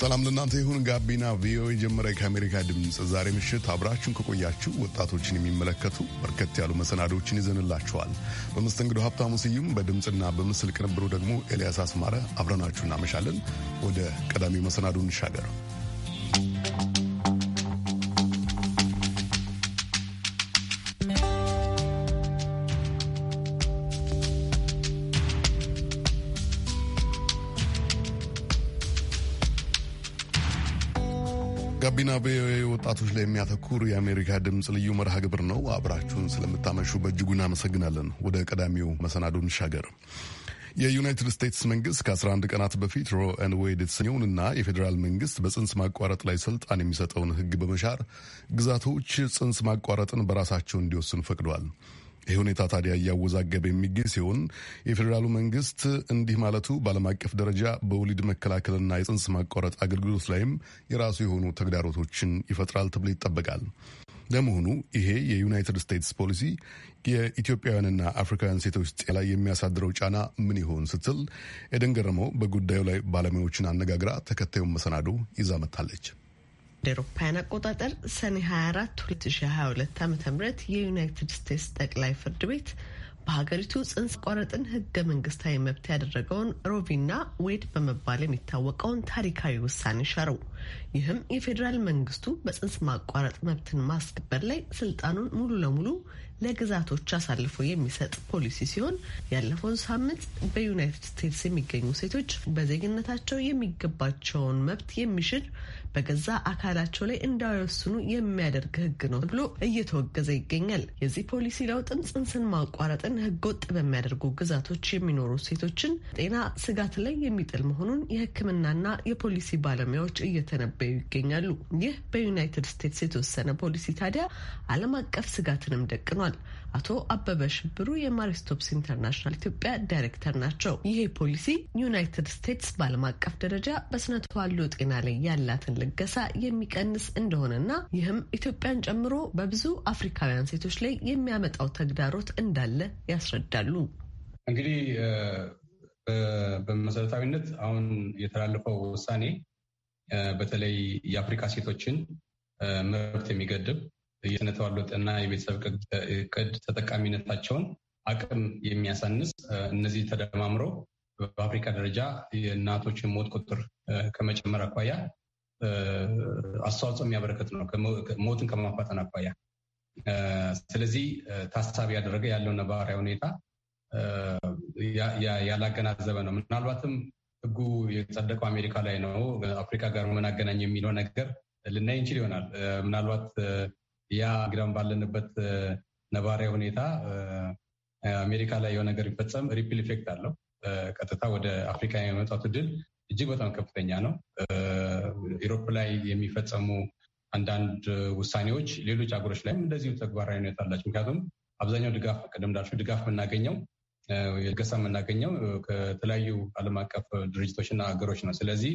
ሰላም ለእናንተ ይሁን። ጋቢና ቪኦኤ ጀመረ። ከአሜሪካ ድምፅ ዛሬ ምሽት አብራችሁን ከቆያችሁ ወጣቶችን የሚመለከቱ በርከት ያሉ መሰናዶዎችን ይዘንላችኋል። በመስተንግዶ ሀብታሙ ስዩም፣ በድምፅና በምስል ቅንብሩ ደግሞ ኤልያስ አስማረ። አብረናችሁ እናመሻለን። ወደ ቀዳሚው መሰናዶ እንሻገር። ጋቢና ቪኦኤ ወጣቶች ላይ የሚያተኩር የአሜሪካ ድምፅ ልዩ መርሃ ግብር ነው። አብራችሁን ስለምታመሹ በእጅጉ እናመሰግናለን። ወደ ቀዳሚው መሰናዶ እንሻገር። የዩናይትድ ስቴትስ መንግስት ከ11 ቀናት በፊት ሮ ኤን ዌይድ የተሰኘውንና የፌዴራል መንግስት በጽንስ ማቋረጥ ላይ ስልጣን የሚሰጠውን ህግ በመሻር ግዛቶች ጽንስ ማቋረጥን በራሳቸው እንዲወስኑ ፈቅደዋል። ይህ ሁኔታ ታዲያ እያወዛገበ የሚገኝ ሲሆን የፌዴራሉ መንግስት እንዲህ ማለቱ በዓለም አቀፍ ደረጃ በወሊድ መከላከልና የጽንስ ማቋረጥ አገልግሎት ላይም የራሱ የሆኑ ተግዳሮቶችን ይፈጥራል ተብሎ ይጠበቃል። ለመሆኑ ይሄ የዩናይትድ ስቴትስ ፖሊሲ የኢትዮጵያውያንና አፍሪካውያን ሴቶች ጤና ላይ የሚያሳድረው ጫና ምን ይሆን ስትል ኤደን ገረመው በጉዳዩ ላይ ባለሙያዎችን አነጋግራ ተከታዩን መሰናዶ ይዛ መታለች። አውሮፓውያን አቆጣጠር ሰኔ 24 2022 ዓ ም የዩናይትድ ስቴትስ ጠቅላይ ፍርድ ቤት በሀገሪቱ ጽንስ ቋረጥን ህገ መንግስታዊ መብት ያደረገውን ሮቪና ዌድ በመባል የሚታወቀውን ታሪካዊ ውሳኔ ሻረው። ይህም የፌዴራል መንግስቱ በጽንስ ማቋረጥ መብትን ማስከበር ላይ ስልጣኑን ሙሉ ለሙሉ ለግዛቶች አሳልፎ የሚሰጥ ፖሊሲ ሲሆን ያለፈውን ሳምንት በዩናይትድ ስቴትስ የሚገኙ ሴቶች በዜግነታቸው የሚገባቸውን መብት የሚሽር በገዛ አካላቸው ላይ እንዳይወስኑ የሚያደርግ ህግ ነው ብሎ እየተወገዘ ይገኛል። የዚህ ፖሊሲ ለውጥም ጽንስን ማቋረጥን ህገወጥ በሚያደርጉ ግዛቶች የሚኖሩ ሴቶችን ጤና ስጋት ላይ የሚጥል መሆኑን የህክምናና የፖሊሲ ባለሙያዎች እየተነበዩ ይገኛሉ። ይህ በዩናይትድ ስቴትስ የተወሰነ ፖሊሲ ታዲያ ዓለም አቀፍ ስጋትንም ደቅኗል። አቶ አበበ ሽብሩ የማሪስቶፕስ ኢንተርናሽናል ኢትዮጵያ ዳይሬክተር ናቸው። ይሄ ፖሊሲ ዩናይትድ ስቴትስ በዓለም አቀፍ ደረጃ በስነ ተዋልዶ ጤና ላይ ያላትን ልገሳ የሚቀንስ እንደሆነና ይህም ኢትዮጵያን ጨምሮ በብዙ አፍሪካውያን ሴቶች ላይ የሚያመጣው ተግዳሮት እንዳለ ያስረዳሉ። እንግዲህ በመሰረታዊነት አሁን የተላለፈው ውሳኔ በተለይ የአፍሪካ ሴቶችን መብት የሚገድብ የስነ ተዋልዶና የቤተሰብ እቅድ ተጠቃሚነታቸውን አቅም የሚያሳንስ እነዚህ ተደማምሮ በአፍሪካ ደረጃ የእናቶችን ሞት ቁጥር ከመጨመር አኳያ አስተዋጽኦ የሚያበረከት ነው፣ ሞትን ከማፋጠን አኳያ። ስለዚህ ታሳቢ ያደረገ ያለው ነባራዊ ሁኔታ ያላገናዘበ ነው። ምናልባትም ህጉ የጸደቀው አሜሪካ ላይ ነው፣ አፍሪካ ጋር ምን አገናኝ የሚለው ነገር ልናይ እንችል ይሆናል። ምናልባት ያ ግዳም ባለንበት ነባሪያ ሁኔታ አሜሪካ ላይ የሆነ ነገር ይፈጸም ሪፕል ኢፌክት አለው። ቀጥታ ወደ አፍሪካ የመጣት ድል እጅግ በጣም ከፍተኛ ነው። ኢሮፕ ላይ የሚፈጸሙ አንዳንድ ውሳኔዎች ሌሎች አገሮች ላይም እንደዚሁ ተግባራዊነት አላቸው። ምክንያቱም አብዛኛው ድጋፍ ቅድም እንዳልሽው ድጋፍ የምናገኘው የገሳ የምናገኘው ከተለያዩ ዓለም አቀፍ ድርጅቶችና ሀገሮች ነው። ስለዚህ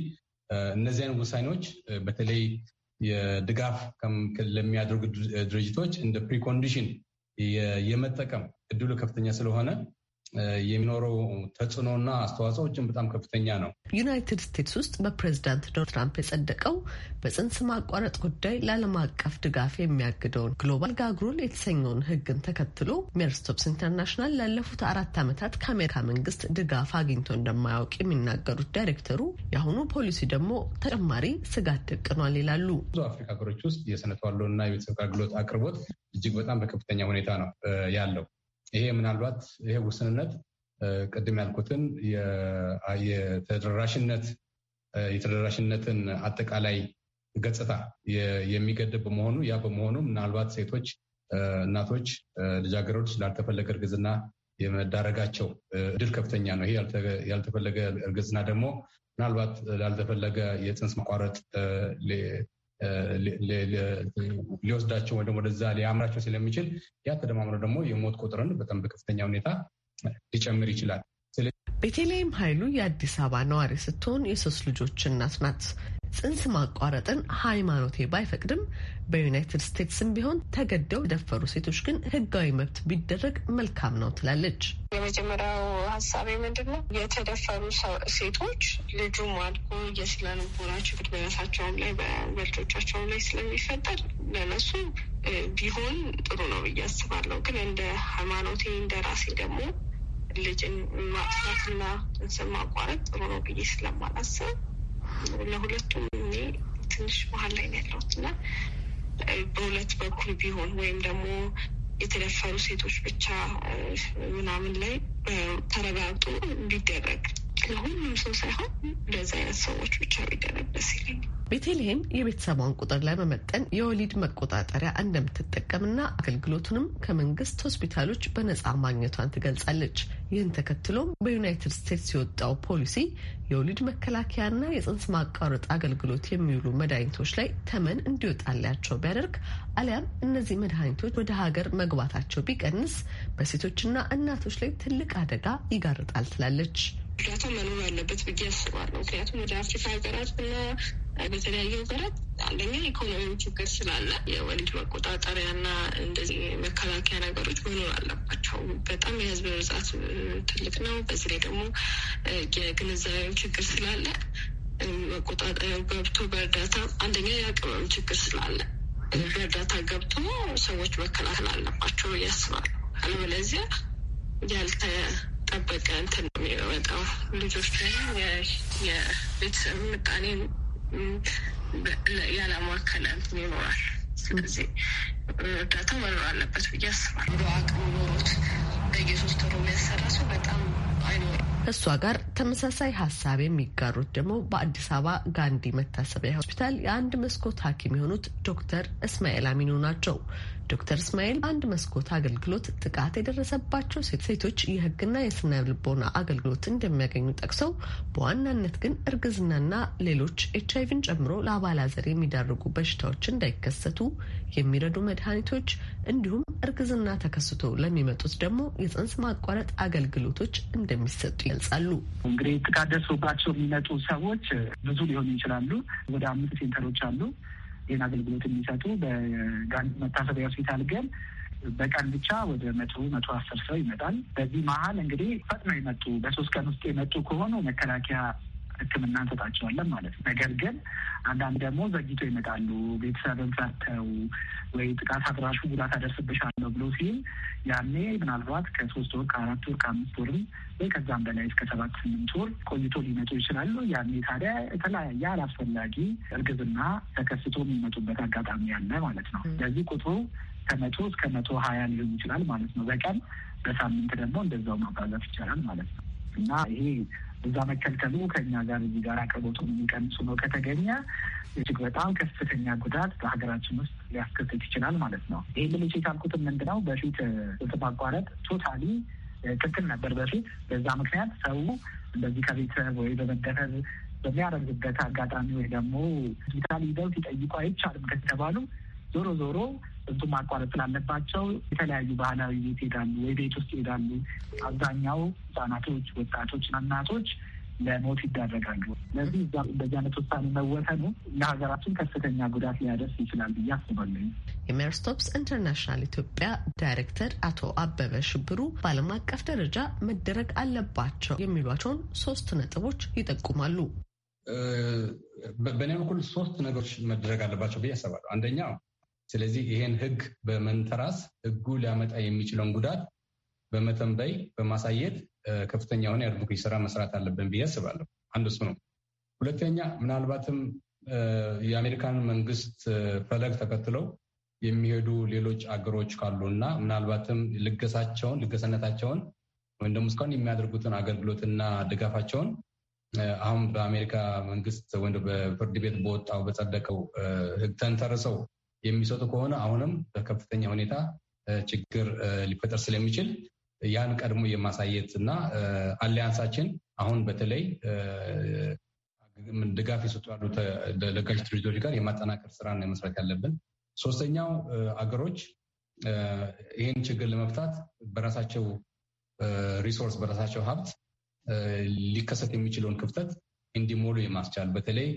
እነዚያን ውሳኔዎች በተለይ የድጋፍ ለሚያደርጉ ድርጅቶች እንደ ፕሪኮንዲሽን የመጠቀም እድሉ ከፍተኛ ስለሆነ የሚኖረው ተጽዕኖና አስተዋጽኦችን በጣም ከፍተኛ ነው። ዩናይትድ ስቴትስ ውስጥ በፕሬዚዳንት ዶናልድ ትራምፕ የጸደቀው በጽንስ ማቋረጥ ጉዳይ ለዓለም አቀፍ ድጋፍ የሚያግደውን ግሎባል ጋግሩል የተሰኘውን ሕግን ተከትሎ ሜርስቶፕስ ኢንተርናሽናል ላለፉት አራት ዓመታት ከአሜሪካ መንግስት ድጋፍ አግኝቶ እንደማያውቅ የሚናገሩት ዳይሬክተሩ የአሁኑ ፖሊሲ ደግሞ ተጨማሪ ስጋት ደቅኗል ይላሉ። ብዙ አፍሪካ ሀገሮች ውስጥ የስነ ተዋልዶና የቤተሰብ አገልግሎት አቅርቦት እጅግ በጣም በከፍተኛ ሁኔታ ነው ያለው። ይሄ ምናልባት ይሄ ውስንነት ቅድም ያልኩትን የተደራሽነት የተደራሽነትን አጠቃላይ ገጽታ የሚገድብ በመሆኑ ያ በመሆኑ ምናልባት ሴቶች፣ እናቶች፣ ልጃገረዶች ላልተፈለገ እርግዝና የመዳረጋቸው እድል ከፍተኛ ነው። ይሄ ያልተፈለገ እርግዝና ደግሞ ምናልባት ላልተፈለገ የፅንስ መቋረጥ ሊወስዳቸው ወደ ወደዛ ሊያምራቸው ስለሚችል ያ ተደማምሮ ደግሞ የሞት ቁጥርን በጣም በከፍተኛ ሁኔታ ሊጨምር ይችላል። ቤተልሔም ኃይሉ የአዲስ አበባ ነዋሪ ስትሆን የሶስት ልጆች እናት ናት። ጽንስ ማቋረጥን ሃይማኖቴ ባይፈቅድም በዩናይትድ ስቴትስም ቢሆን ተገደው የደፈሩ ሴቶች ግን ህጋዊ መብት ቢደረግ መልካም ነው ትላለች። የመጀመሪያው ሀሳቤ ምንድን ነው? የተደፈሩ ሴቶች ልጁም ማልኮ የስነ ልቦናቸው በራሳቸውም ላይ በልጆቻቸውም ላይ ስለሚፈጠር ለነሱ ቢሆን ጥሩ ነው ብዬ አስባለሁ። ግን እንደ ሃይማኖቴ እንደ ራሴ ደግሞ ልጅን ማጥፋትና ጽንስ ማቋረጥ ጥሩ ነው ብዬ ስለማላስብ ለሁለቱም እኔ ትንሽ መሀል ላይ ነው ያለሁት እና በሁለት በኩል ቢሆን ወይም ደግሞ የተደፈሩ ሴቶች ብቻ ምናምን ላይ ተረጋግጦ እንዲደረግ ለሁሉም ሰው ሳይሆን ለዛ አይነት ሰዎች ብቻ ቢደረግ ደስ ይለኛል። ቤተልሔም የቤተሰቧን ቁጥር ለመመጠን የወሊድ መቆጣጠሪያ እንደምትጠቀምና አገልግሎቱንም ከመንግስት ሆስፒታሎች በነጻ ማግኘቷን ትገልጻለች። ይህን ተከትሎም በዩናይትድ ስቴትስ የወጣው ፖሊሲ የወሊድ መከላከያና የጽንስ ማቋረጥ አገልግሎት የሚውሉ መድኃኒቶች ላይ ተመን እንዲወጣላቸው ቢያደርግ አሊያም እነዚህ መድኃኒቶች ወደ ሀገር መግባታቸው ቢቀንስ በሴቶችና እናቶች ላይ ትልቅ አደጋ ይጋርጣል ትላለች። እርዳታ መኖር አለበት ብዬ አስባለሁ። ምክንያቱም ወደ አፍሪካ ሀገራት እና በተለያዩ ሀገራት አንደኛ ኢኮኖሚው ችግር ስላለ የወሊድ መቆጣጠሪያ እና እንደዚህ መከላከያ ነገሮች መኖር አለባቸው። በጣም የህዝብ ብዛት ትልቅ ነው። በዚህ ላይ ደግሞ የግንዛቤው ችግር ስላለ መቆጣጠሪያው ገብቶ በእርዳታ አንደኛ የአቅምም ችግር ስላለ በእርዳታ ገብቶ ሰዎች መከላከል አለባቸው ብዬ አለበለዚያ ያልተ ጠበቀ እንትን ነው የሚመጣው። ልጆች የቤተሰብ ምጣኔ ያላማከለ እንትን ይኖራል። ስለዚህ እርዳታ መኖር አለበት ብዬ አስባለሁ። አቅም ኖሮት በየሶስት ወሩ የሚያሰራ ሰው በጣም አይኖርም። እሷ ጋር ተመሳሳይ ሀሳብ የሚጋሩት ደግሞ በአዲስ አበባ ጋንዲ መታሰቢያ ሆስፒታል የአንድ መስኮት ሐኪም የሆኑት ዶክተር እስማኤል አሚኑ ናቸው። ዶክተር እስማኤል በአንድ መስኮት አገልግሎት ጥቃት የደረሰባቸው ሴቶች የህግና የስነ ልቦና አገልግሎት እንደሚያገኙ ጠቅሰው በዋናነት ግን እርግዝናና ሌሎች ኤች አይቪን ጨምሮ ለአባላዘር የሚዳርጉ በሽታዎች እንዳይከሰቱ የሚረዱ መድኃኒቶች እንዲሁም እርግዝና ተከስቶ ለሚመጡት ደግሞ የጽንስ ማቋረጥ አገልግሎቶች እንደሚሰጡ ይገልጻሉ። እንግዲህ ጥቃት ደርሶባቸው የሚመጡ ሰዎች ብዙ ሊሆኑ ይችላሉ። ወደ አምስት ሴንተሮች አሉ። ጤና አገልግሎት የሚሰጡ በጋን መታሰቢያ ሆስፒታል ግን በቀን ብቻ ወደ መቶ መቶ አስር ሰው ይመጣል። በዚህ መሀል እንግዲህ ፈጥነው የመጡ በሶስት ቀን ውስጥ የመጡ ከሆኑ መከላከያ ሕክምና እንሰጣቸዋለን ማለት ነው። ነገር ግን አንዳንድ ደግሞ ዘግይቶ ይመጣሉ። ቤተሰብን ፈርተው ወይ ጥቃት አድራሹ ጉዳት አደርስብሻለሁ ብሎ ሲል ያኔ ምናልባት ከሶስት ወር ከአራት ወር ከአምስት ወርም ወይ ከዛም በላይ እስከ ሰባት ስምንት ወር ቆይቶ ሊመጡ ይችላሉ። ያኔ ታዲያ የተለያየ አላስፈላጊ እርግዝና ተከስቶ የሚመጡበት አጋጣሚ ያለ ማለት ነው። ለዚህ ቁጥሩ ከመቶ እስከ መቶ ሀያ ሊሆን ይችላል ማለት ነው በቀን በሳምንት ደግሞ እንደዛው ማባዛት ይቻላል ማለት ነው እና ይሄ እዛ መከልከሉ ከኛ ጋር እዚህ ጋር አቅርቦቱን የሚቀንሱ ነው ከተገኘ እጅግ በጣም ከፍተኛ ጉዳት በሀገራችን ውስጥ ሊያስከትት ይችላል ማለት ነው። ይህ ልጅ የታልኩትን ምንድነው በፊት ማቋረጥ ቶታሊ ክልክል ነበር በፊት። በዛ ምክንያት ሰው እንደዚህ ከቤተሰብ ወይ በመደፈር በሚያደርግበት አጋጣሚ ወይ ደግሞ ሆስፒታል ሂደው ሲጠይቁ አይቻልም ከተባሉ ዞሮ ዞሮ እሱ ማቋረጥ ስላለባቸው የተለያዩ ባህላዊ ቤት ይሄዳሉ ወይ ቤት ውስጥ ይሄዳሉ። አብዛኛው ህጻናቶች፣ ወጣቶች፣ እናቶች ለሞት ይዳረጋሉ። ስለዚህ እንደዚህ አይነት ውሳኔ መወሰኑ ለሀገራችን ከፍተኛ ጉዳት ሊያደርስ ይችላል ብዬ አስባለሁ። የሜርስቶፕስ ኢንተርናሽናል ኢትዮጵያ ዳይሬክተር አቶ አበበ ሽብሩ በዓለም አቀፍ ደረጃ መደረግ አለባቸው የሚሏቸውን ሶስት ነጥቦች ይጠቁማሉ። በእኔ በኩል ሶስት ነገሮች መደረግ አለባቸው ብዬ አስባለሁ። አንደኛው ስለዚህ ይሄን ህግ በመንተራስ ህጉ ሊያመጣ የሚችለውን ጉዳት በመተንበይ በማሳየት ከፍተኛ የሆነ የአድቮኬሲ ስራ መስራት አለብን ብዬ አስባለሁ። አንዱ እሱ ነው። ሁለተኛ ምናልባትም የአሜሪካን መንግስት ፈለግ ተከትለው የሚሄዱ ሌሎች አገሮች ካሉ እና ምናልባትም ልገሳቸውን ልገሰነታቸውን ወይም ደግሞ እስካሁን የሚያደርጉትን አገልግሎትና ድጋፋቸውን አሁን በአሜሪካ መንግስት ወይም በፍርድ ቤት በወጣው በጸደቀው ህግ ተንተርሰው የሚሰጡ ከሆነ አሁንም በከፍተኛ ሁኔታ ችግር ሊፈጠር ስለሚችል ያን ቀድሞ የማሳየት እና አሊያንሳችን አሁን በተለይ ድጋፍ የሰጡ ያሉ ለጋሽ ድርጅቶች ጋር የማጠናከር ስራ ነው መስራት ያለብን። ሶስተኛው አገሮች ይህን ችግር ለመፍታት በራሳቸው ሪሶርስ በራሳቸው ሀብት ሊከሰት የሚችለውን ክፍተት እንዲሞሉ የማስቻል በተለይ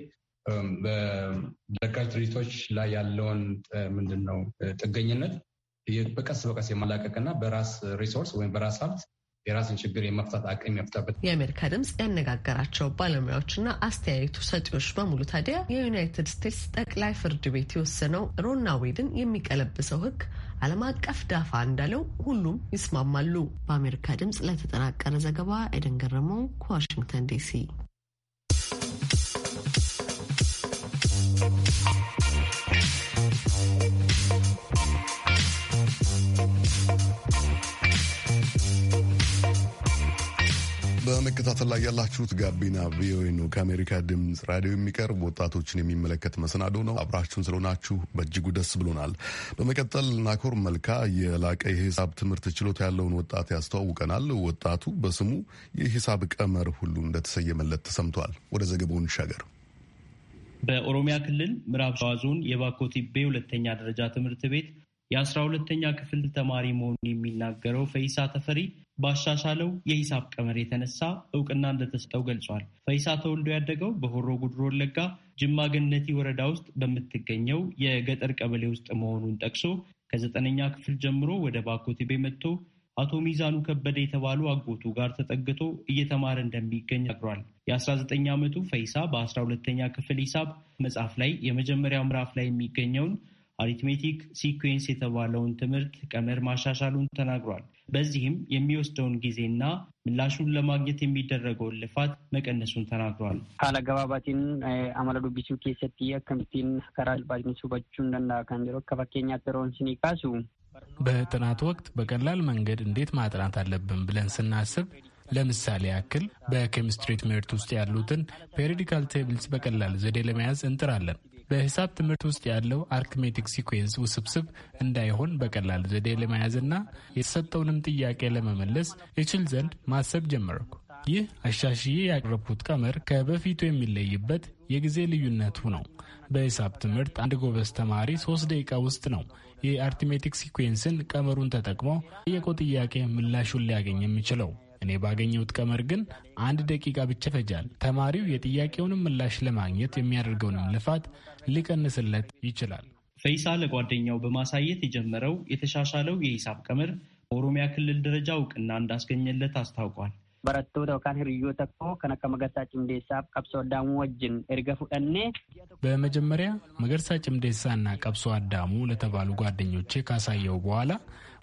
በደጋጅ ድርጅቶች ላይ ያለውን ምንድን ነው ጥገኝነት በቀስ በቀስ የማላቀቅና በራስ ሪሶርስ ወይም በራስ ሀብት የራስን ችግር የመፍታት አቅም ያፍታበት። የአሜሪካ ድምፅ ያነጋገራቸው ባለሙያዎችና አስተያየቱ ሰጪዎች በሙሉ ታዲያ የዩናይትድ ስቴትስ ጠቅላይ ፍርድ ቤት የወሰነው ሮና ዌድን የሚቀለብሰው ሕግ ዓለም አቀፍ ዳፋ እንዳለው ሁሉም ይስማማሉ። በአሜሪካ ድምፅ ለተጠናቀረ ዘገባ ኤደን ገረመው ከዋሽንግተን ዲሲ በመከታተል ላይ ያላችሁት ጋቢና ቪኦኤ ነው። ከአሜሪካ ድምፅ ራዲዮ የሚቀርብ ወጣቶችን የሚመለከት መሰናዶ ነው። አብራችሁን ስለሆናችሁ በእጅጉ ደስ ብሎናል። በመቀጠል ናኮር መልካ የላቀ የሂሳብ ትምህርት ችሎታ ያለውን ወጣት ያስተዋውቀናል። ወጣቱ በስሙ የሂሳብ ቀመር ሁሉ እንደተሰየመለት ተሰምቷል። ወደ ዘገባው እንሻገር። በኦሮሚያ ክልል ምዕራብ ሸዋ ዞን የባኮ ቲቤ ሁለተኛ ደረጃ ትምህርት ቤት የአስራ ሁለተኛ ክፍል ተማሪ መሆኑን የሚናገረው ፈይሳ ተፈሪ ባሻሻለው የሂሳብ ቀመር የተነሳ እውቅና እንደተሰጠው ገልጿል። ፈይሳ ተወልዶ ያደገው በሆሮ ጉድሮ ወለጋ ጅማ ገነቲ ወረዳ ውስጥ በምትገኘው የገጠር ቀበሌ ውስጥ መሆኑን ጠቅሶ ከዘጠነኛ ክፍል ጀምሮ ወደ ባኮቴቤ መጥቶ አቶ ሚዛኑ ከበደ የተባሉ አጎቱ ጋር ተጠግቶ እየተማረ እንደሚገኝ ነግሯል የ የ19 ዓመቱ ፈይሳ በ12ኛ ክፍል ሂሳብ መጽሐፍ ላይ የመጀመሪያው ምዕራፍ ላይ የሚገኘውን አሪትሜቲክ ሲኩዌንስ የተባለውን ትምህርት ቀመር ማሻሻሉን ተናግሯል። በዚህም የሚወስደውን ጊዜና ምላሹን ለማግኘት የሚደረገውን ልፋት መቀነሱን ተናግሯል። ካለገባባቲን አመለዱ ዱቢሱ ኬሰቲ ከምቲን ከራል ባጅሚሱ በቹ እንደና ከንጀሮ ከፈኬኛ ጥሮን ሲኒቃሱ በጥናት ወቅት በቀላል መንገድ እንዴት ማጥናት አለብን ብለን ስናስብ ለምሳሌ ያክል በኬሚስትሪ ትምህርት ውስጥ ያሉትን ፔሪዲካል ቴብልስ በቀላል ዘዴ ለመያዝ እንጥራለን። በሂሳብ ትምህርት ውስጥ ያለው አርክሜቲክ ሲኩዌንስ ውስብስብ እንዳይሆን በቀላል ዘዴ ለመያዝና የተሰጠውንም ጥያቄ ለመመለስ ይችል ዘንድ ማሰብ ጀመርኩ። ይህ አሻሽዬ ያቀረብኩት ቀመር ከበፊቱ የሚለይበት የጊዜ ልዩነቱ ነው። በሂሳብ ትምህርት አንድ ጎበዝ ተማሪ ሶስት ደቂቃ ውስጥ ነው የአርትሜቲክ ሲኩዌንስን ቀመሩን ተጠቅሞ የቆ ጥያቄ ምላሹን ሊያገኝ የሚችለው። እኔ ባገኘሁት ቀመር ግን አንድ ደቂቃ ብቻ ፈጃል ተማሪው የጥያቄውንም ምላሽ ለማግኘት የሚያደርገውንም ልፋት ሊቀንስለት ይችላል። ፈይሳ ለጓደኛው በማሳየት የጀመረው የተሻሻለው የሂሳብ ቀመር በኦሮሚያ ክልል ደረጃ እውቅና እንዳስገኘለት አስታውቋል። በረቶታ ከነከ መገርሳ ጭምዴሳፍ ቀብሶ አዳሙ ወጅን እርገ በመጀመሪያ መገርሳ ቀብሶ አዳሙ ለተባሉ ጓደኞቼ ካሳየው በኋላ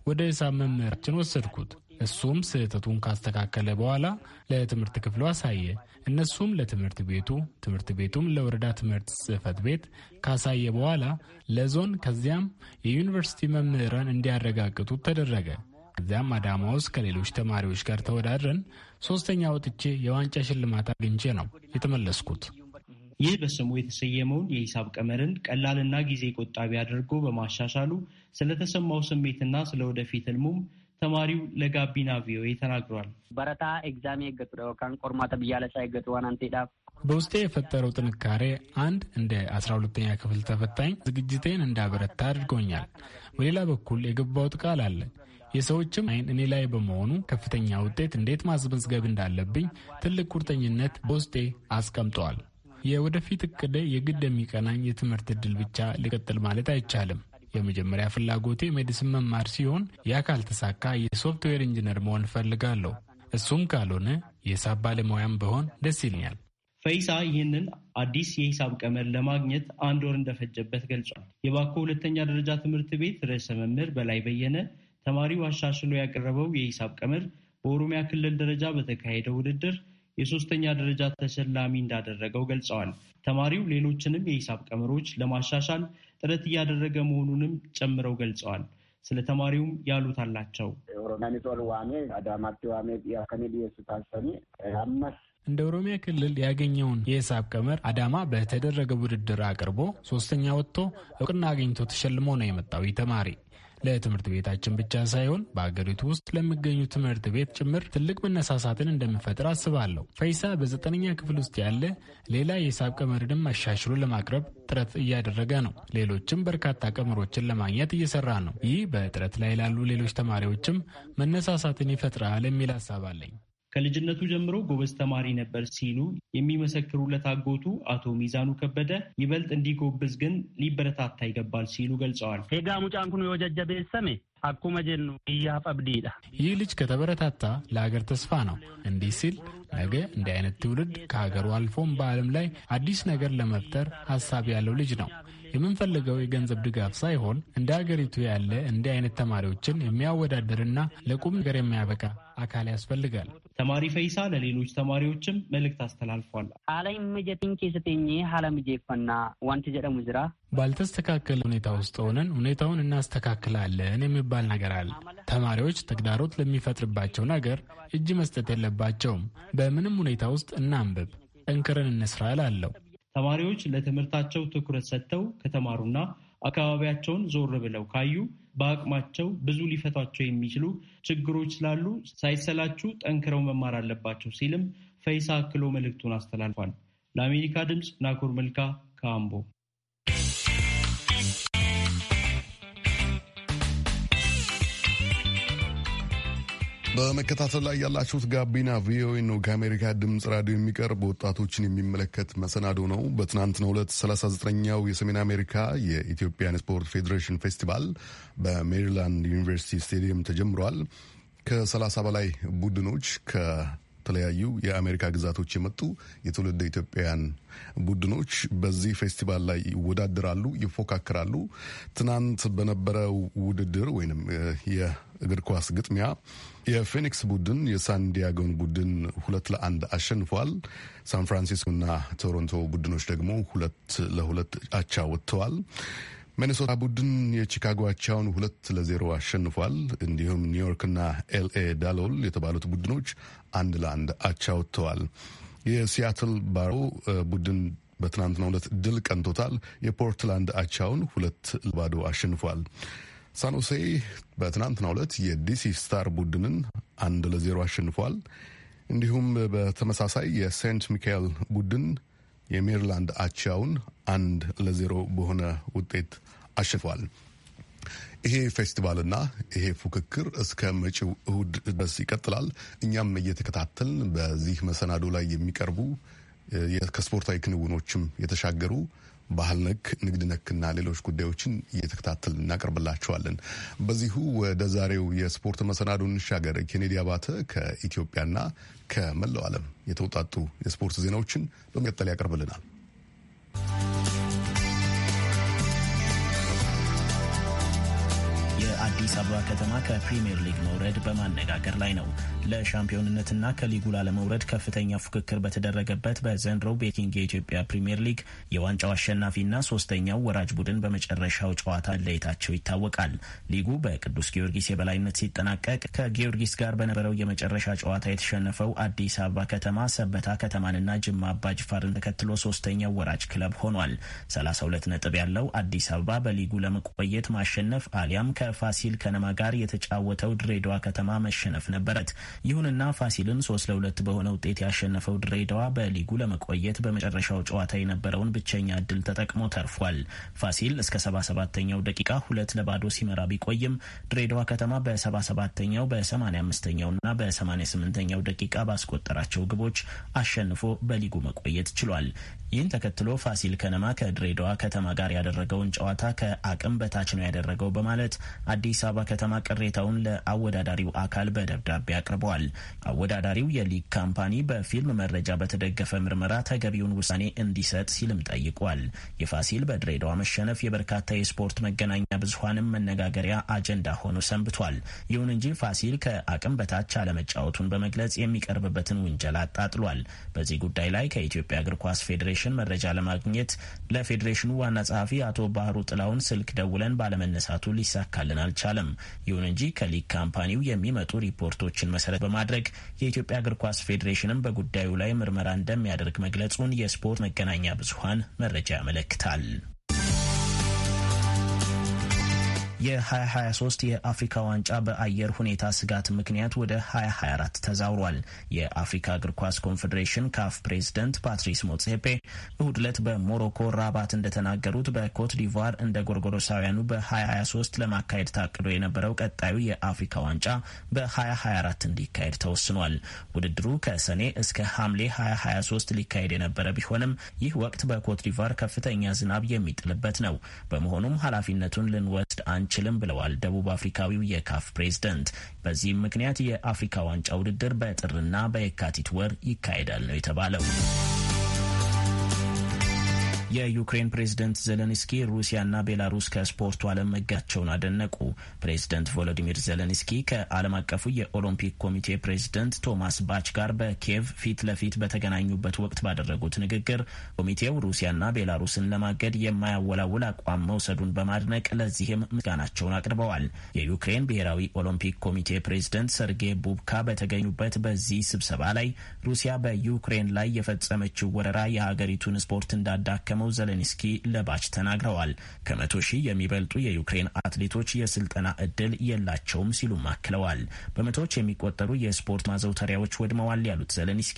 ወደ ሂሳብ መምህራችን ወሰድኩት። እሱም ስህተቱን ካስተካከለ በኋላ ለትምህርት ክፍሉ አሳየ። እነሱም ለትምህርት ቤቱ፣ ትምህርት ቤቱም ለወረዳ ትምህርት ጽህፈት ቤት ካሳየ በኋላ ለዞን፣ ከዚያም የዩኒቨርሲቲ መምህራን እንዲያረጋግጡ ተደረገ። ከዚያም አዳማ ውስጥ ከሌሎች ተማሪዎች ጋር ተወዳድረን ሶስተኛ ወጥቼ የዋንጫ ሽልማት አግኝቼ ነው የተመለስኩት። ይህ በስሙ የተሰየመውን የሂሳብ ቀመርን ቀላልና ጊዜ ቆጣቢ አድርጎ በማሻሻሉ ስለተሰማው ስሜትና ስለወደፊት ህልሙም ተማሪው ለጋቢና ቪኦኤ ተናግሯል። በረታ ኤግዛሜ ገቱ ደወካን ቆርማተ ብያለሳ ገቱ ዋናንቴዳ በውስጤ የፈጠረው ጥንካሬ አንድ እንደ አስራ ሁለተኛ ክፍል ተፈታኝ ዝግጅቴን እንዳበረታ አድርጎኛል። በሌላ በኩል የገባሁት ቃል አለ የሰዎችም አይን እኔ ላይ በመሆኑ ከፍተኛ ውጤት እንዴት ማስመዝገብ እንዳለብኝ ትልቅ ቁርጠኝነት በውስጤ አስቀምጠዋል። የወደፊት እቅዴ የግድ የሚቀናኝ የትምህርት እድል ብቻ ሊቀጥል ማለት አይቻልም። የመጀመሪያ ፍላጎቴ ሜዲስን መማር ሲሆን ያ ካልተሳካ የሶፍትዌር ኢንጂነር መሆን እፈልጋለሁ። እሱም ካልሆነ የሂሳብ ባለሙያም በሆን ደስ ይለኛል። ፈይሳ ይህንን አዲስ የሂሳብ ቀመር ለማግኘት አንድ ወር እንደፈጀበት ገልጿል። የባኮ ሁለተኛ ደረጃ ትምህርት ቤት ርዕሰ መምህር በላይ በየነ ተማሪው አሻሽሎ ያቀረበው የሂሳብ ቀመር በኦሮሚያ ክልል ደረጃ በተካሄደው ውድድር የሶስተኛ ደረጃ ተሸላሚ እንዳደረገው ገልጸዋል። ተማሪው ሌሎችንም የሂሳብ ቀመሮች ለማሻሻል ጥረት እያደረገ መሆኑንም ጨምረው ገልጸዋል። ስለ ተማሪውም ያሉት አላቸው። እንደ ኦሮሚያ ክልል ያገኘውን የሂሳብ ቀመር አዳማ በተደረገ ውድድር አቅርቦ ሶስተኛ ወጥቶ እውቅና አግኝቶ ተሸልሞ ነው የመጣው ተማሪ ለትምህርት ቤታችን ብቻ ሳይሆን በአገሪቱ ውስጥ ለሚገኙ ትምህርት ቤት ጭምር ትልቅ መነሳሳትን እንደሚፈጥር አስባለሁ። ፈይሳ በዘጠነኛ ክፍል ውስጥ ያለ ሌላ የሂሳብ ቀመርንም አሻሽሎ ለማቅረብ ጥረት እያደረገ ነው። ሌሎችም በርካታ ቀመሮችን ለማግኘት እየሰራ ነው። ይህ በጥረት ላይ ላሉ ሌሎች ተማሪዎችም መነሳሳትን ይፈጥራል የሚል ሀሳብ አለኝ። ከልጅነቱ ጀምሮ ጎበዝ ተማሪ ነበር ሲሉ የሚመሰክሩለት አጎቱ አቶ ሚዛኑ ከበደ ይበልጥ እንዲጎብዝ ግን ሊበረታታ ይገባል ሲሉ ገልጸዋል። ሄጋ ሙጫንኩኑ የወጀጀ ቤተሰሜ አኩመ ጀኑ እያፈብዲዳ ይህ ልጅ ከተበረታታ ለሀገር ተስፋ ነው። እንዲህ ሲል ነገ እንዲህ አይነት ትውልድ ከሀገሩ አልፎም በዓለም ላይ አዲስ ነገር ለመፍጠር ሀሳብ ያለው ልጅ ነው። የምንፈልገው የገንዘብ ድጋፍ ሳይሆን እንደ ሀገሪቱ ያለ እንዲህ አይነት ተማሪዎችን የሚያወዳደርና ለቁም ነገር የሚያበቃ አካል ያስፈልጋል። ተማሪ ፈይሳ ለሌሎች ተማሪዎችም መልእክት አስተላልፏል። ባልተስተካከለ ሁኔታ ውስጥ ሆነን ሁኔታውን እናስተካክላለን የሚባል ነገር አለ። ተማሪዎች ተግዳሮት ለሚፈጥርባቸው ነገር እጅ መስጠት የለባቸውም። በምንም ሁኔታ ውስጥ እናንብብ፣ ጠንክረን እንስራ እላለሁ። ተማሪዎች ለትምህርታቸው ትኩረት ሰጥተው ከተማሩና አካባቢያቸውን ዞር ብለው ካዩ በአቅማቸው ብዙ ሊፈቷቸው የሚችሉ ችግሮች ስላሉ ሳይሰላችሁ ጠንክረው መማር አለባቸው ሲልም ፈይሳ አክሎ መልእክቱን አስተላልፏል። ለአሜሪካ ድምፅ ናኮር መልካ ከአምቦ በመከታተል ላይ ያላችሁት ጋቢና ቪኦኤ ነው። ከአሜሪካ ድምፅ ራዲዮ የሚቀርብ ወጣቶችን የሚመለከት መሰናዶ ነው። በትናንትናው ዕለት 39ኛው የሰሜን አሜሪካ የኢትዮጵያን ስፖርት ፌዴሬሽን ፌስቲቫል በሜሪላንድ ዩኒቨርሲቲ ስቴዲየም ተጀምሯል። ከ30 በላይ ቡድኖች ከተለያዩ የአሜሪካ ግዛቶች የመጡ የትውልድ ኢትዮጵያውያን ቡድኖች በዚህ ፌስቲቫል ላይ ይወዳደራሉ፣ ይፎካከራሉ። ትናንት በነበረው ውድድር ወይንም እግር ኳስ ግጥሚያ የፌኒክስ ቡድን የሳንዲያጎን ቡድን ሁለት ለአንድ አሸንፏል። ሳን ፍራንሲስኮና ቶሮንቶ ቡድኖች ደግሞ ሁለት ለሁለት አቻ ወጥተዋል። ሚኒሶታ ቡድን የቺካጎ አቻውን ሁለት ለዜሮ አሸንፏል። እንዲሁም ኒውዮርክና ኤልኤ ዳሎል የተባሉት ቡድኖች አንድ ለአንድ አቻ ወጥተዋል። የሲያትል ባሮ ቡድን በትናንትናው ዕለት ድል ቀንቶታል። የፖርትላንድ አቻውን ሁለት ለባዶ አሸንፏል። ሳንሆሴ በትናንትናው ዕለት የዲሲ ስታር ቡድንን አንድ ለዜሮ አሸንፏል። እንዲሁም በተመሳሳይ የሴንት ሚካኤል ቡድን የሜሪላንድ አቻውን አንድ ለዜሮ በሆነ ውጤት አሸንፏል። ይሄ ፌስቲቫልና ይሄ ፉክክር እስከ መጪው እሁድ ድረስ ይቀጥላል። እኛም እየተከታተልን በዚህ መሰናዶ ላይ የሚቀርቡ ከስፖርታዊ ክንውኖችም የተሻገሩ ባህል ነክ፣ ንግድ ነክና ሌሎች ጉዳዮችን እየተከታተል እናቀርብላቸዋለን በዚሁ ወደ ዛሬው የስፖርት መሰናዶ እንሻገር። ኬኔዲ አባተ ከኢትዮጵያና ከመላው ዓለም የተውጣጡ የስፖርት ዜናዎችን በመቀጠል ያቀርብልናል። አዲስ አበባ ከተማ ከፕሪምየር ሊግ መውረድ በማነጋገር ላይ ነው። ለሻምፒዮንነትና ከሊጉ ላለመውረድ ከፍተኛ ፉክክር በተደረገበት በዘንድሮው ቤቲንግ የኢትዮጵያ ፕሪምየር ሊግ የዋንጫው አሸናፊና ሶስተኛው ወራጅ ቡድን በመጨረሻው ጨዋታ ለየታቸው ይታወቃል። ሊጉ በቅዱስ ጊዮርጊስ የበላይነት ሲጠናቀቅ ከጊዮርጊስ ጋር በነበረው የመጨረሻ ጨዋታ የተሸነፈው አዲስ አበባ ከተማ ሰበታ ከተማንና ጅማ አባጅፋርን ተከትሎ ሶስተኛው ወራጅ ክለብ ሆኗል። 32 ነጥብ ያለው አዲስ አበባ በሊጉ ለመቆየት ማሸነፍ አሊያም ከፋሲ ፋሲል ከነማ ጋር የተጫወተው ድሬዳዋ ከተማ መሸነፍ ነበረት። ይሁንና ፋሲልን ሶስት ለሁለት በሆነ ውጤት ያሸነፈው ድሬዳዋ በሊጉ ለመቆየት በመጨረሻው ጨዋታ የነበረውን ብቸኛ እድል ተጠቅሞ ተርፏል። ፋሲል እስከ 77ኛው ደቂቃ ሁለት ለባዶ ሲመራ ቢቆይም ድሬዳዋ ከተማ በ77ኛው በ85ኛው እና በ88ኛው ደቂቃ ባስቆጠራቸው ግቦች አሸንፎ በሊጉ መቆየት ችሏል። ይህን ተከትሎ ፋሲል ከነማ ከድሬዳዋ ከተማ ጋር ያደረገውን ጨዋታ ከአቅም በታች ነው ያደረገው በማለት አዲስ የአዲስ አበባ ከተማ ቅሬታውን ለአወዳዳሪው አካል በደብዳቤ አቅርበዋል። አወዳዳሪው የሊግ ካምፓኒ በፊልም መረጃ በተደገፈ ምርመራ ተገቢውን ውሳኔ እንዲሰጥ ሲልም ጠይቋል። የፋሲል በድሬዳዋ መሸነፍ የበርካታ የስፖርት መገናኛ ብዙሀንም መነጋገሪያ አጀንዳ ሆኖ ሰንብቷል። ይሁን እንጂ ፋሲል ከአቅም በታች አለመጫወቱን በመግለጽ የሚቀርብበትን ውንጀላ አጣጥሏል። በዚህ ጉዳይ ላይ ከኢትዮጵያ እግር ኳስ ፌዴሬሽን መረጃ ለማግኘት ለፌዴሬሽኑ ዋና ጸሐፊ አቶ ባህሩ ጥላውን ስልክ ደውለን ባለመነሳቱ ሊሳካልን አልቻል አልቻለም። ይሁን እንጂ ከሊግ ካምፓኒው የሚመጡ ሪፖርቶችን መሰረት በማድረግ የኢትዮጵያ እግር ኳስ ፌዴሬሽንም በጉዳዩ ላይ ምርመራ እንደሚያደርግ መግለጹን የስፖርት መገናኛ ብዙሀን መረጃ ያመለክታል። የ2023 የአፍሪካ ዋንጫ በአየር ሁኔታ ስጋት ምክንያት ወደ 2024 ተዛውሯል። የአፍሪካ እግር ኳስ ኮንፌዴሬሽን ካፍ ፕሬዚደንት ፓትሪስ ሞትሴፔ እሁድ ዕለት በሞሮኮ ራባት እንደተናገሩት በኮት ዲቫር እንደ ጎርጎሮሳውያኑ በ2023 ለማካሄድ ታቅዶ የነበረው ቀጣዩ የአፍሪካ ዋንጫ በ2024 እንዲካሄድ ተወስኗል። ውድድሩ ከሰኔ እስከ ሐምሌ 2023 ሊካሄድ የነበረ ቢሆንም ይህ ወቅት በኮት ዲቫር ከፍተኛ ዝናብ የሚጥልበት ነው። በመሆኑም ኃላፊነቱን ልንወስድ አንችል አይችልም ብለዋል ደቡብ አፍሪካዊው የካፍ ፕሬዝደንት። በዚህም ምክንያት የአፍሪካ ዋንጫ ውድድር በጥርና በየካቲት ወር ይካሄዳል ነው የተባለው። የዩክሬን ፕሬዝደንት ዘለንስኪ ሩሲያና ቤላሩስ ከስፖርቱ ዓለም መጋቸውን አደነቁ። ፕሬዝደንት ቮሎዲሚር ዘለንስኪ ከዓለም አቀፉ የኦሎምፒክ ኮሚቴ ፕሬዝደንት ቶማስ ባች ጋር በኪየቭ ፊት ለፊት በተገናኙበት ወቅት ባደረጉት ንግግር ኮሚቴው ሩሲያና ቤላሩስን ለማገድ የማያወላውል አቋም መውሰዱን በማድነቅ ለዚህም ምስጋናቸውን አቅርበዋል። የዩክሬን ብሔራዊ ኦሎምፒክ ኮሚቴ ፕሬዝደንት ሰርጌይ ቡብካ በተገኙበት በዚህ ስብሰባ ላይ ሩሲያ በዩክሬን ላይ የፈጸመችው ወረራ የሀገሪቱን ስፖርት እንዳዳከመው ቮሎዲሚር ዘለንስኪ ለባች ተናግረዋል። ከመቶ ሺህ የሚበልጡ የዩክሬን አትሌቶች የስልጠና እድል የላቸውም ሲሉም አክለዋል። በመቶዎች የሚቆጠሩ የስፖርት ማዘውተሪያዎች ወድመዋል ያሉት ዘለንስኪ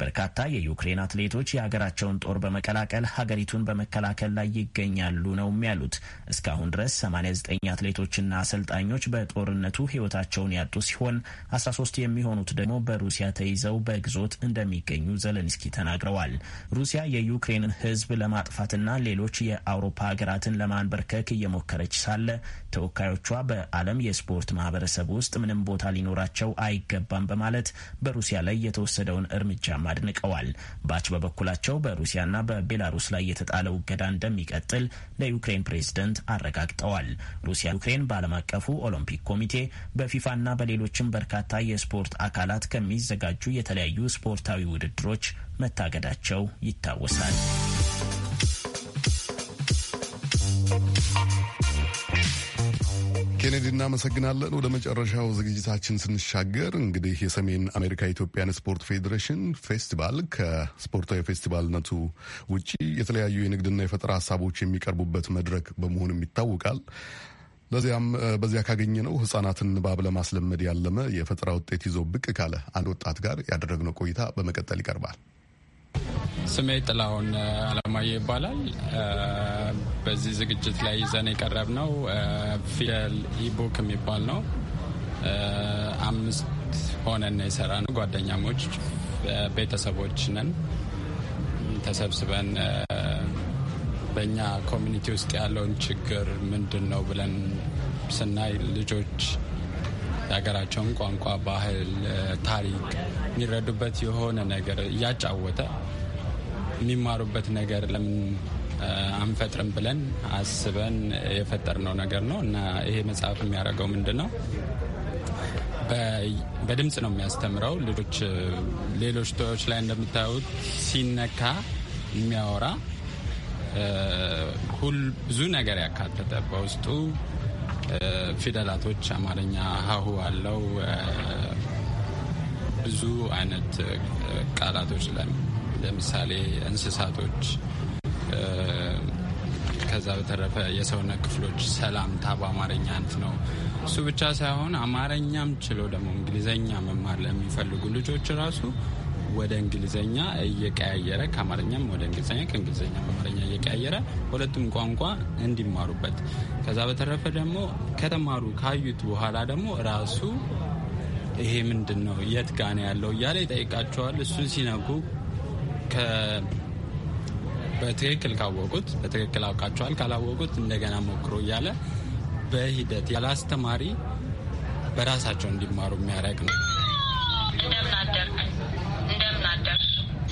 በርካታ የዩክሬን አትሌቶች የሀገራቸውን ጦር በመቀላቀል ሀገሪቱን በመከላከል ላይ ይገኛሉ ነውም ያሉት። እስካሁን ድረስ 89 አትሌቶችና አሰልጣኞች በጦርነቱ ህይወታቸውን ያጡ ሲሆን 13 የሚሆኑት ደግሞ በሩሲያ ተይዘው በግዞት እንደሚገኙ ዘለንስኪ ተናግረዋል። ሩሲያ የዩክሬንን ህዝብ ለማ ለማጥፋትና ሌሎች የአውሮፓ ሀገራትን ለማንበርከክ እየሞከረች ሳለ ተወካዮቿ በዓለም የስፖርት ማህበረሰብ ውስጥ ምንም ቦታ ሊኖራቸው አይገባም በማለት በሩሲያ ላይ የተወሰደውን እርምጃም አድንቀዋል። ባች በበኩላቸው በሩሲያና በቤላሩስ ላይ የተጣለው እገዳ እንደሚቀጥል ለዩክሬን ፕሬዝደንት አረጋግጠዋል። ሩሲያ ዩክሬን በዓለም አቀፉ ኦሎምፒክ ኮሚቴ በፊፋና በሌሎችም በርካታ የስፖርት አካላት ከሚዘጋጁ የተለያዩ ስፖርታዊ ውድድሮች መታገዳቸው ይታወሳል። ኬኔዲ እናመሰግናለን። ወደ መጨረሻው ዝግጅታችን ስንሻገር እንግዲህ የሰሜን አሜሪካ ኢትዮጵያን ስፖርት ፌዴሬሽን ፌስቲቫል ከስፖርታዊ ፌስቲቫልነቱ ውጪ የተለያዩ የንግድና የፈጠራ ሀሳቦች የሚቀርቡበት መድረክ በመሆኑም ይታወቃል። ለዚያም በዚያ ካገኘ ነው ህጻናትን ንባብ ለማስለመድ ያለመ የፈጠራ ውጤት ይዞ ብቅ ካለ አንድ ወጣት ጋር ያደረግነው ቆይታ በመቀጠል ይቀርባል። ስሜ ጥላሁን አለማየ ይባላል። በዚህ ዝግጅት ላይ ይዘን የቀረብ ነው ፊደል ኢቡክ የሚባል ነው። አምስት ሆነን የሰራ ነው። ጓደኛሞች ቤተሰቦች ነን። ተሰብስበን በእኛ ኮሚኒቲ ውስጥ ያለውን ችግር ምንድን ነው ብለን ስናይ ልጆች የሀገራቸውን ቋንቋ፣ ባህል፣ ታሪክ የሚረዱበት የሆነ ነገር እያጫወተ የሚማሩበት ነገር ለምን አንፈጥርም ብለን አስበን የፈጠርነው ነገር ነው እና ይሄ መጽሐፍ የሚያደርገው ምንድን ነው? በድምፅ ነው የሚያስተምረው። ልጆች ሌሎች ቶዎች ላይ እንደምታዩት ሲነካ የሚያወራ ሁል ብዙ ነገር ያካተተ በውስጡ ፊደላቶች አማርኛ ሀሁ አለው ብዙ አይነት ቃላቶች ላይ ለምሳሌ እንስሳቶች፣ ከዛ በተረፈ የሰውነት ክፍሎች ሰላምታ በአማርኛ አንት ነው። እሱ ብቻ ሳይሆን አማርኛም ችሎ ደግሞ እንግሊዘኛ መማር ለሚፈልጉ ልጆች ራሱ ወደ እንግሊዘኛ እየቀያየረ ከአማርኛም ወደ እንግሊዘኛ ከእንግሊዘኛ አማርኛ እየቀያየረ ሁለቱም ቋንቋ እንዲማሩበት ከዛ በተረፈ ደግሞ ከተማሩ ካዩት በኋላ ደግሞ ራሱ ይሄ ምንድን ነው የት ጋ ነው ያለው እያለ ይጠይቃቸዋል። እሱን ሲነኩ? በትክክል ካወቁት በትክክል አውቃቸዋል፣ ካላወቁት እንደገና ሞክሮ እያለ በሂደት ያለ አስተማሪ በራሳቸው እንዲማሩ የሚያደርግ ነው። እንደምናደር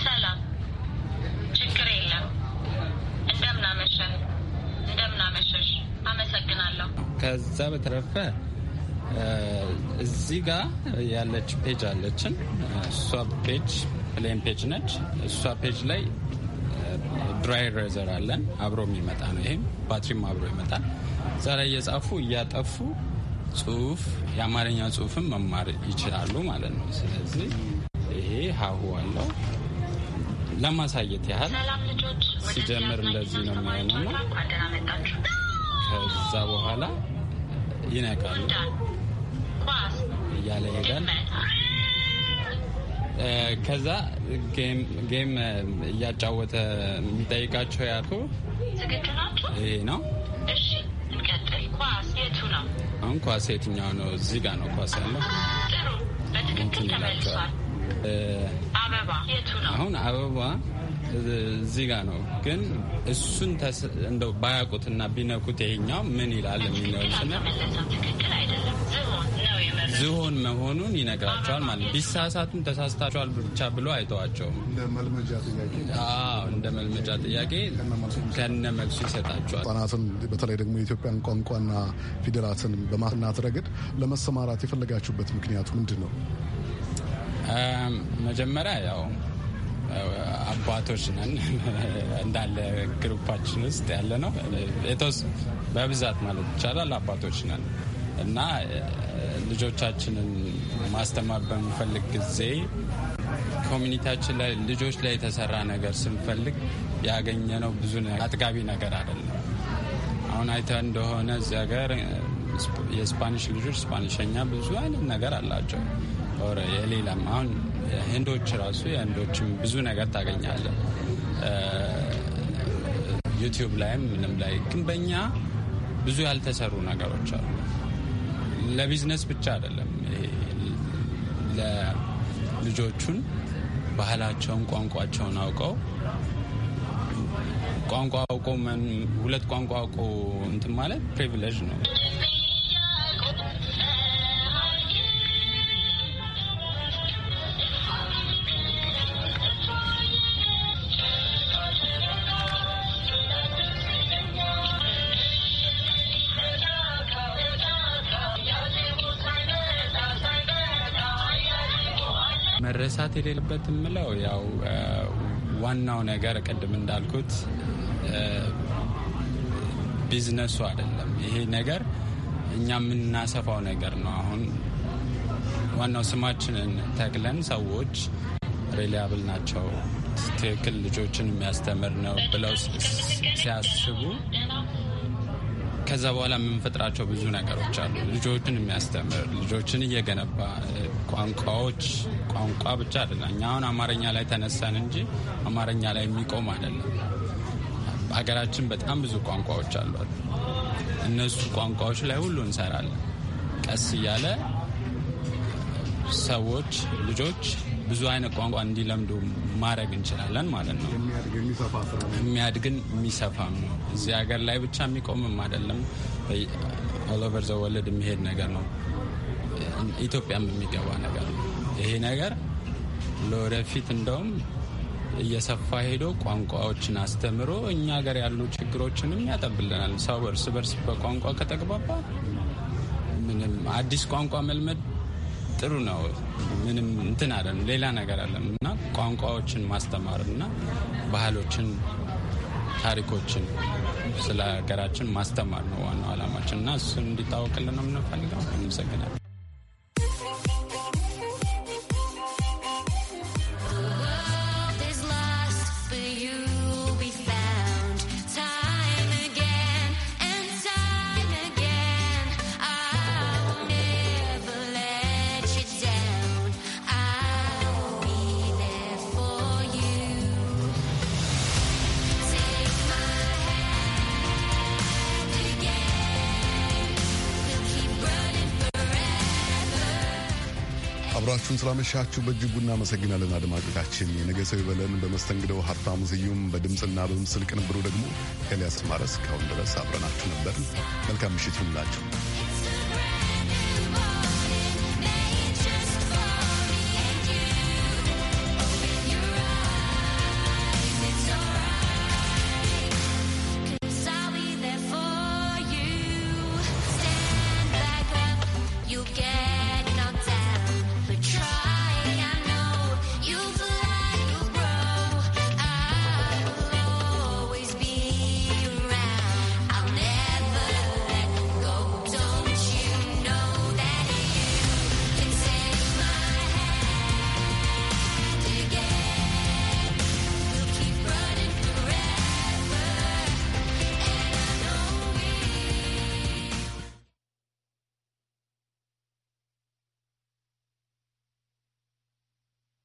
ሰላም፣ ችግር የለም። እንደምናመሸ እንደምናመሸሽ፣ አመሰግናለሁ። ከዛ በተረፈ እዚህ ጋር ያለች ፔጅ አለችን። እሷ ፔጅ ፕሌን ፔጅ ነች። እሷ ፔጅ ላይ ድራይ ሬዘር አለን አብሮ የሚመጣ ነው። ይሄም ባትሪም አብሮ ይመጣል። እዛ ላይ እየጻፉ እያጠፉ ጽሁፍ የአማርኛ ጽሁፍን መማር ይችላሉ ማለት ነው። ስለዚህ ይሄ ሀሁ አለው ለማሳየት ያህል ሲጀምር እንደዚህ ነው የሚሆነው። ከዛ በኋላ ይነቃሉ እያለ ይሄዳል። ከዛ ጌም እያጫወተ የሚጠይቃቸው ያልኩ ይሄ ነው። እሺ እንቀጥል። ኳስ የቱ ነው? አሁን ኳስ የትኛው ነው? እዚህ ጋር ነው ኳስ ያለው። ጥሩ፣ በትክክል ተመልሷል። አበባ የቱ ነው? አሁን አበባ እዚህ ጋር ነው። ግን እሱን እንደው ባያውቁትና ቢነኩት ይሄኛው ምን ይላል የሚለው ስነ ትክክል አይደለም። ዝሆን ዝሆን መሆኑን ይነግራቸዋል ማለት ቢሳሳቱም ተሳስታቸዋል ብቻ ብሎ አይተዋቸውም። እንደ መልመጃ ጥያቄ ከነ መልሱ ይሰጣቸዋል። ህጻናትን በተለይ ደግሞ የኢትዮጵያን ቋንቋና ፊደላትን በማናት ረገድ ለመሰማራት የፈለጋችሁበት ምክንያቱ ምንድን ነው? መጀመሪያ ያው አባቶች ነን እንዳለ ግሩፓችን ውስጥ ያለ ነው። በብዛት ማለት ይቻላል አባቶች ነን። እና ልጆቻችንን ማስተማር በምንፈልግ ጊዜ ኮሚኒቲያችን ላይ ልጆች ላይ የተሰራ ነገር ስንፈልግ ያገኘነው ብዙ አጥጋቢ ነገር አይደለም። አሁን አይተህ እንደሆነ እዚህ ሀገር የስፓኒሽ ልጆች ስፓኒሽኛ ብዙ አይነት ነገር አላቸው። የሌላም አሁን ህንዶች ራሱ የህንዶችም ብዙ ነገር ታገኛለህ ዩቲዩብ ላይም ምንም ላይ ግን በእኛ ብዙ ያልተሰሩ ነገሮች አሉ። ለቢዝነስ ብቻ አይደለም። ለልጆቹን ባህላቸውን፣ ቋንቋቸውን አውቀው ቋንቋ አውቀው ሁለት ቋንቋ አውቀው እንትን ማለት ፕሪቪሌጅ ነው። የሌለበት የምለው ያው ዋናው ነገር ቅድም እንዳልኩት ቢዝነሱ አይደለም። ይሄ ነገር እኛ የምናሰፋው ነገር ነው። አሁን ዋናው ስማችንን ተክለን ሰዎች ሬሊያብል ናቸው፣ ትክክል ልጆችን የሚያስተምር ነው ብለው ሲያስቡ ከዛ በኋላ የምንፈጥራቸው ብዙ ነገሮች አሉ። ልጆችን የሚያስተምር ልጆችን እየገነባ ቋንቋዎች ቋንቋ ብቻ አይደለም። እኛ አሁን አማርኛ ላይ ተነሳን እንጂ አማርኛ ላይ የሚቆም አይደለም። ሀገራችን በጣም ብዙ ቋንቋዎች አሏት። እነሱ ቋንቋዎች ላይ ሁሉ እንሰራለን። ቀስ እያለ ሰዎች ልጆች ብዙ አይነት ቋንቋ እንዲለምዱ ማድረግ እንችላለን ማለት ነው። የሚያድግን የሚሰፋም ነው። እዚህ ሀገር ላይ ብቻ የሚቆምም አይደለም። ኦሎቨር ዘወልድ የሚሄድ ነገር ነው። ኢትዮጵያም የሚገባ ነገር ነው። ይሄ ነገር ለወደፊት እንደውም እየሰፋ ሄዶ ቋንቋዎችን አስተምሮ እኛ ሀገር ያሉ ችግሮችንም ያጠብልናል። ሰው እርስ በርስ በቋንቋ ከተግባባ ምንም አዲስ ቋንቋ መልመድ ጥሩ ነው። ምንም እንትን አለን ሌላ ነገር አለም እና ቋንቋዎችን ማስተማር እና ባህሎችን፣ ታሪኮችን ስለ ሀገራችን ማስተማር ነው ዋናው አላማችን እና እሱ እንዲታወቅልን ነው የምንፈልገው። አመሰግናለሁ። አብራችሁን ስላመሻችሁ በእጅጉ እናመሰግናለን አድማጮቻችን። የነገ ሰው ይበለን። በመስተንግደው ሀብታሙ ስዩም፣ በድምፅና በምስል ቅንብሩ ደግሞ ኤልያስ ማረስ። እስካሁን ድረስ አብረናችሁ ነበር። መልካም ምሽት ይሁንላችሁ።